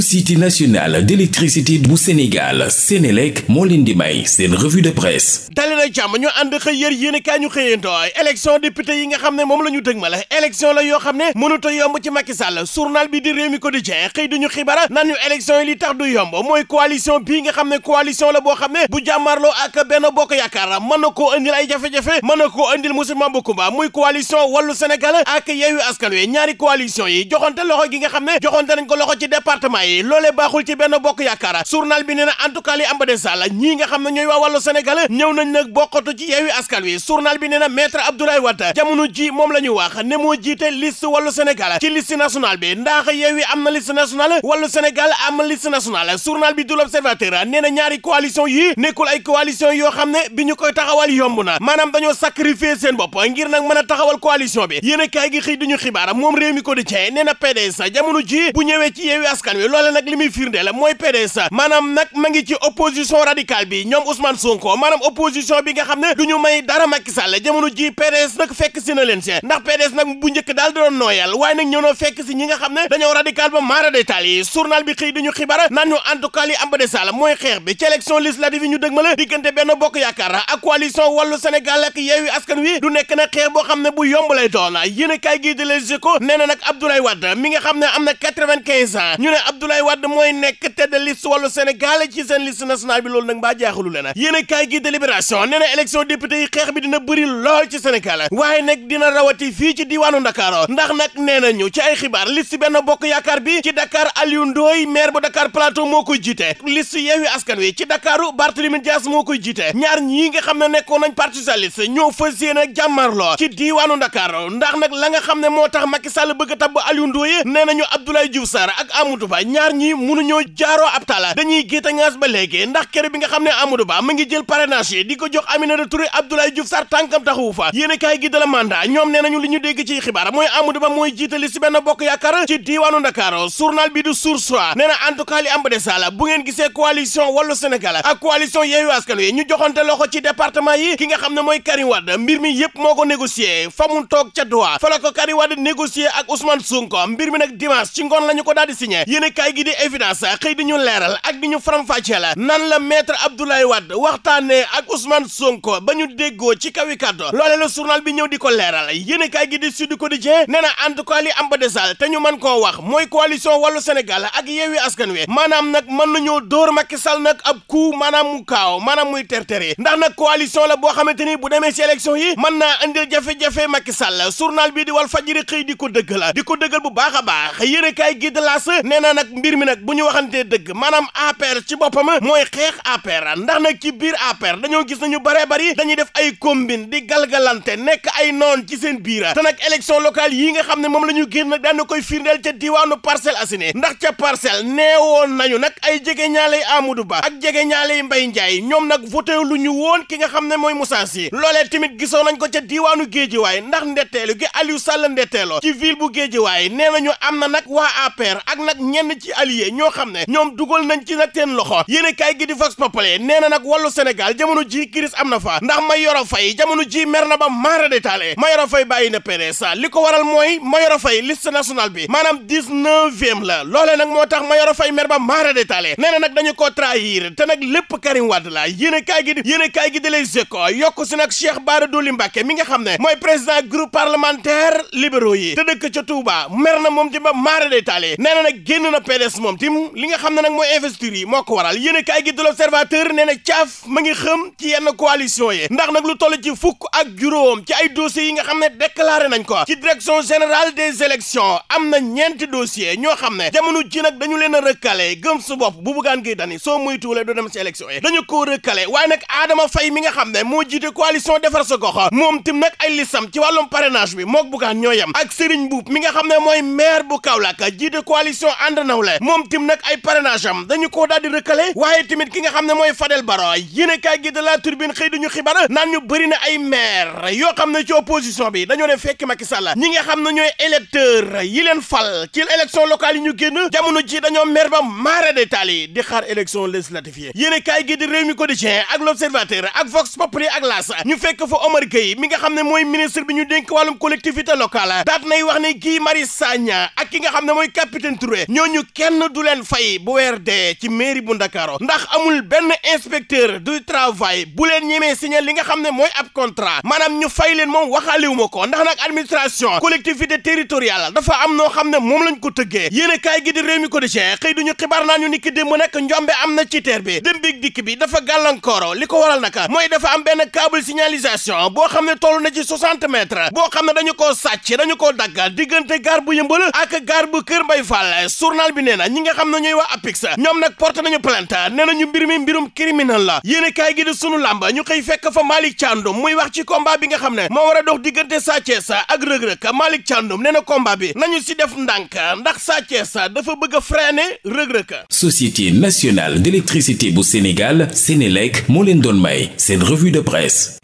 société nationale d'électricité bu Sénégal Sénélec moo leen di may seen revue de presse dali na jàmm ànd xëy yër yéen i ñu xëyantooy élection député yi nga xam ne moom la ñu ma la élection la yoo xam ne mënuta yomb ci Macky Sall bi di Rewmi Quotidien xëy duñu xibara naan ñu élection yi li tax du yomb mooy coalition bii nga xam ne coalition la boo xam ne bu jàmmaarloo ak benn bokk yaakaar mën na koo indil ay jafe-jafe mën na ko loxo yi loolee baaxul ci benn bokk yaakaar journal bi nee na en tout cas li am ba des sàll ñii nga xam ne ñooy waa wàllu Sénégal ñëw nañ nag bokkatu ci yeewi askan wi journal bi nee na maître Abdoulaye Wade jamono ji moom la ñu wax ne moo jiite liste wàllu Sénégal ci liste nationale bi ndax yeewi am na liste nationale wàllu Sénégal am na liste nationale bi du l'Observateur nee na ñaari coalition yi nekkul ay coalition yoo xam ne bi ñu koy taxawal yomb na maanaam dañoo sacrifier seen bopp ngir nag mën a taxawal coalition bi yéen a kaay gi xëy duñu xibaar moom réew mi ko di nee na PDS jamono ji loole nag li muy firnde la mooy PDS maanaam nag ma ngi ci opposition radicale bi ñoom Ousmane Sonko maanaam opposition bi nga xam ne du ñu may dara Macky Sall jamono ji PDS nag fekk si na leen si ndax PDS nag bu njëkk daal da doon nooyal waaye nag ñoo fekk si ñi nga xam ne dañoo radical ba maara détail yi journal bi xëy dañu xibaar naan ñu en tout cas li am ba mooy xeex bi ci élection législative yi ñu dëgmale diggante benn bokk yaakaar ak coalition wàllu Sénégal ak yeewi askan wi du nekk nag xeex xam ne bu yomb lay doon yéen a kaay gii di Les Échos nee na nag Abdoulaye Wade mi nga xam ne am na quatre-vingt-quinze ans ñu ne Abdoulaye Wade mooy nekk tête de liste wàllu ci seen liste nationale bi loolu nag mbaa jaaxalu leen yéen a gi délibération nee na élection député yi xeex bi dina bëri lool ci Sénégal waaye nag dina rawati fii ci diiwaanu Ndakaaro ndax nag nee nañu ci ay xibaar liste benn bokk yaakaar bi ci Dakar Aliou Ndoye maire bu Dakar Plateau moo koy jiite liste Yewwi Askan Wi ci Dakaru Barthélémy Dias moo koy jiite ñaar ñii nga xam ne nekkoon nañ parti socialiste ñoo fas yéene jàmmarloo ci diiwaanu Ndakaaro ndax nag la nga xam ne moo tax Macky Sall bëgg a tabb Aliou nee nañu Abdoulaye Diouf Sarr ak Amadou Ba ñaar ñi mënuñoo jaaroo ab tala dañuy géeta ngaas ba léegi ndax kër bi nga xam ne Amadou Ba ngi jël parrainage yi di ko jox Aminata Touré Abdoulaye Diouf Sarr tànkam taxawu fa yéene kaay gi dala mandat ñoom nee nañu li ñu dégg ci xibaar mooy Amadou Ba mooy jiitali si benn bokk yaakaar ci diiwaanu Ndakaaru journal bi du Source A nee na en bu ngeen gisee coalition Wallu Sénégal ak coalition Yewwi Askan Wi ñu joxante loxo ci département yi ki nga xam ne mooy Karim Wade mbir ko négocié fa mu toog ca droit fa la ko Karim Wade négocié mbir mi nag dimanche ci ngoon la ñu ko daal di signé kaay gi di évidence xëy di ñu leeral ak di ñu faram-fàccee la nan la maître Abdoulaye Wade waxtaane ak Ousmane Sonko ba ñu déggoo ci kawi kaddu loole la journal bi ñëw di ko leeral yéen kaay gi di Sud Quotidien nee na en tout cas li am ba te ñu man ko wax mooy coalition wàllu Sénégal ak Yewwi Askan Wi maanaam nag mën nañoo door Macky Sall nag ab ku maanaam mu kaaw maanaam muy tertere ndax nag coalition la boo xamante ni bu demee ci élection yi mën na indil jafe-jafe Macky Sall bi di Walf Fadjri xëy di ko dëggal di ko dëggal bu baax a baax yéen kaay gi di na nag mbir mi nag bu ñu waxantee dëgg maanaam APR ci boppam mooy xeex APR ndax nag ci biir APR dañoo gis nañu baree bari dañuy def ay combine di galgalante nekk ay noon ci seen biira te nag élection locale yi nga xam ne moom la ñu génn nag koy firndeel ca diwaanu Parcelles Assainies ndax ca nee woon nañu nag ay jege ñaale Amadou Ba ak jege ñaale Mbaye Ndiaye ñoom nag voté lu ñu woon ki nga xam ne mooy Moussa Sy loolee gisoo nañ ko ca diwaanu Géejawaay ndax ndetteelu gi Aliou Sall ndetteeloo ci ville bu Géejawaay nee nañu am na nag waa APR ak nag ñenn ci allié ñoo xam ne ñoom dugal nañ ci nag seen loxo yéen kaay gi di vox populi nee na nag wàllu Sénégal jamono ji crise am na fa ndax Mayoro Faye jamono ji mer na ba maara détaale Mayoro Faye bàyyi na PDS li ko waral mooy Mayoro Faye liste nationale bi maanaam dix la loolee nag moo tax Mayoro Faye mer ba maara détaale nee na nag dañu ko trahir te nag lépp Karim Wade la yéen kaay gi di yéen kaay si nag Cheikh Bara Dolly Mbacké mi nga ne mooy président groupe parlementaire libéraux yi te dëkk ca Touba mer na moom ci ba maara détaale PDS moom tim li nga xam ne nag mooy investiture yi moo ko waral yéen a kaay gi de l'observateur nee na caaf ma ngi xëm ci yenn coalition yi ndax nag lu toll ci fukk ak juróom ci ay dossiers yi nga xam ne déclaré nañ ko ci direction générale des élections am na ñeenti dossiers ñoo xam ne jamono ji nag dañu leen a rëkkale gëm su bopp bu buggaan ngay dani soo muy tuulee doo dem si élections yi dañu koo rëkkale waaye nag Adama Faye mi nga xam ne moo jiite coalition defar sa gox moom tim nag ay lisam ci wàllum parrainage bi mook buggaan ñoo yem ak Serigne Mboup mi nga xam ne mooy maire bu Kaolack jiite coalition ànd na nawle moom tim nag ay parrainage am dañu koo daal di rëkkale waaye tamit ki nga xam ne mooy Fadel Baro yéene kaay gi de la turbine xëy duñu xibaar naan ñu bëri na ay maire yoo xam ne ci bi dañoo ne fekk Macky Sall ñi nga xam ne ñooy électeur yi fal ci élection locale yi ñu génn jamono ji dañoo maire ba maara détaal yi di xaar élection législative yéene kaay gi di Rewmi Quotidien ak l'Observateur ak Vox Populi ak L'As ñu fekk fa Omar Gueye mi nga xam ne ñooñu kenn du leen fay bu weer dee ci mairie bu Ndakaaru ndax amul benn inspecteur du travail bu leen ñemee signé li nga xam ne mooy ab contrat maanaam ñu fay leen moom waxaaliwu ma ko ndax nag administration collectivité territoriale dafa am noo xam ne moom lañ ko tëggee yéen a gi di réew mi ko di cee xëy duñu xibaar naa ñu nikk ki démb nekk njombe am na ci teer bi dem bi dikk bi dafa gàllankooro li ko waral nag mooy dafa am benn câble signalisation boo xam ne na ci 60 mètres boo xam ne dañu koo sàcc dañu koo daggal diggante gaar bu yëmbal ak gaar bu kër mbay fàll journal bi nee na ñi nga xam ne ñooy waa APIX ñoom nag porte nañu plainte nee nañu mbir mi mbirum criminel la yéen kaay gi di sunu làmb ñu xëy fekk fa Malick Thiandoum muy wax ci combat bi nga xam ne moo war a dox diggante Sa Thiès ak Reug malik Malick Thiandoum nee na combat bi nañu si def ndànk ndax Sa Thiès dafa bëgg a freiner Reug Reug Société nationale d'électricité bu Sénégal Sénélec moo leen doon may seen revue de presse